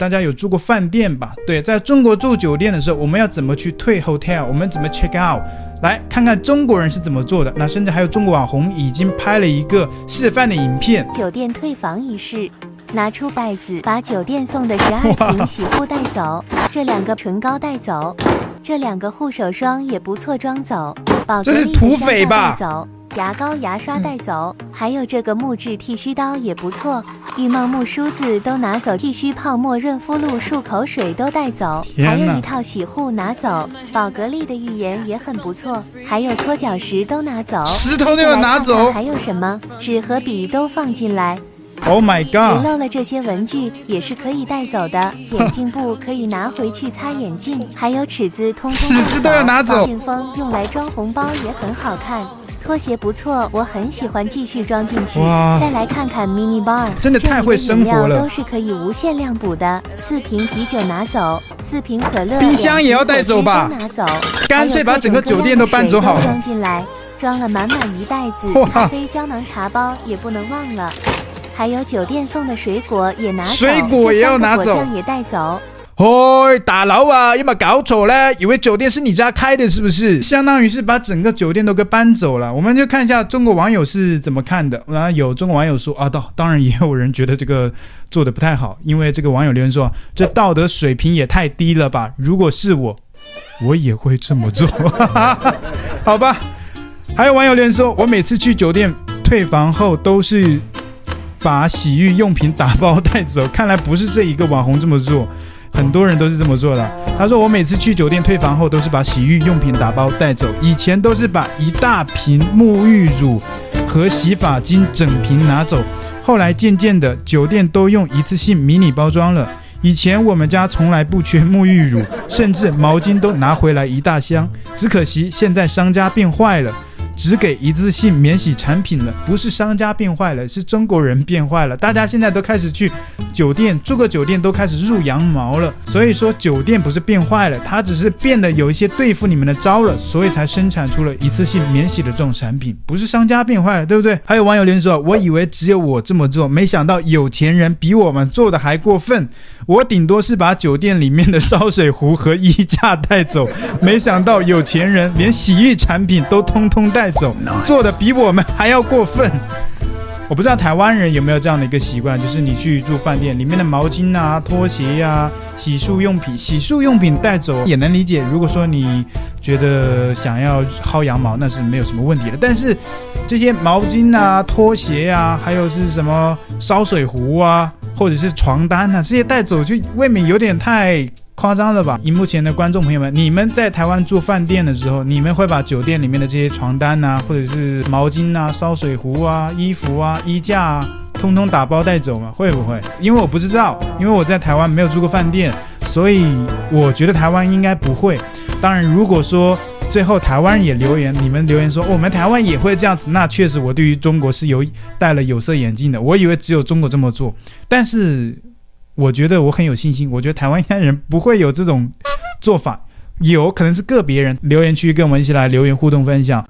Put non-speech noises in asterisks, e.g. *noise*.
大家有住過飯店吧？對，在中國住酒店的時候，我們要怎麼去退 hotel？我們怎麼 check out？來看看中國人是怎麼做的。那甚至還有中國網紅已經拍了一個示範的影片。酒店退房儀式，拿出袋子，把酒店送的十二瓶洗護帶走，哇這兩個唇膏帶走，這兩個護手霜也不錯，裝走，保質，這是土匪吧？牙膏、牙刷帶走，嗯、還有這個木質剃須刀也不錯，浴帽、木梳子都拿走，剃須泡沫、潤膚露、漱口水都帶走，哪還有一套洗護拿走，寶格麗的浴鹽也很不錯，還有搓腳石都拿走，石頭都要拿走，看看還有什麼？紙和筆都放進來。Oh my god！遺漏了這些文具也是可以帶走的，眼鏡布可以拿回去擦眼鏡， *laughs* 還有尺子通帶，通通都要拿走，信封用來裝紅包也很好看。拖鞋不錯，我很喜歡，繼續裝進去。哇再來看看 mini bar，真的太會生活了。這裡的飲料都是可以無限量補的，四瓶啤酒拿走，四瓶可樂，冰箱也要帶走吧？拿走，乾脆把整個酒店都搬走好了。裝進來，裝了滿滿一袋子哇咖啡膠囊、茶包也不能忘了，還有酒店送的水果也拿走，水果也要拿走，這三個果醬也帶走。哎，大佬啊，有沒有搞錯呢，以為酒店是你家開的，是不是？相當於是把整個酒店都給搬走了。我們就看一下中國網友是怎麼看的。然、啊、後有中國網友說啊，當當然也有人覺得這個做得不太好，因為這個網友留言說，這道德水平也太低了吧。如果是我，我也會這麼做。 *laughs* 好吧。還有網友留言說，我每次去酒店退房後都是把洗浴用品打包帶走，看來不是這一個網紅這麼做。很多人都是這麼做的啊。他說：“我每次去酒店退房後，都是把洗浴用品打包帶走。以前都是把一大瓶沐浴乳和洗髮精整瓶拿走。後來漸漸的，酒店都用一次性迷你包裝了。以前我們家從來不缺沐浴乳，甚至毛巾都拿回來一大箱。只可惜現在商家變壞了。”只給一次性免洗產品了，不是商家變壞了，是中國人變壞了。大家現在都開始去酒店住個酒店都開始薅羊毛了，所以說酒店不是變壞了，它只是變得有一些對付你們的招了，所以才生產出了一次性免洗的這種產品，不是商家變壞了，對不對？還有網友留言說，我以為只有我這麼做，沒想到有錢人比我們做的還過分。我頂多是把酒店裡面的燒水壺和衣架帶走，沒想到有錢人連洗浴產品都通通帶走。做得比我們還要過分。我不知道台灣人有沒有這樣的一個習慣，就是你去住飯店，裡面的毛巾啊、拖鞋呀、啊、洗漱用品、洗漱用品帶走也能理解。如果說你覺得想要薅羊毛，那是沒有什麼問題的。但是這些毛巾啊、拖鞋呀、啊，還有是什麼燒水壺啊，或者是床單啊，這些帶走就未免有點太。誇張了吧？熒幕前的觀眾朋友們，你們在台灣住飯店的時候，你們會把酒店裡面的這些床單吶、啊，或者是毛巾吶、啊、燒水壺啊、衣服啊、衣架啊，通通打包帶走嗎？會不會？因為我不知道，因為我在台灣沒有住過飯店，所以我覺得台灣應該不會。當然，如果說最後台灣人也留言，你們留言說、哦、我們台灣也會這樣子，那確實我對於中國是有戴了有色眼鏡的，我以為只有中國這麼做，但是。我覺得我很有信心。我覺得台灣一般人不會有這種做法，有可能是個別人。留言區跟我們一起來留言互動分享。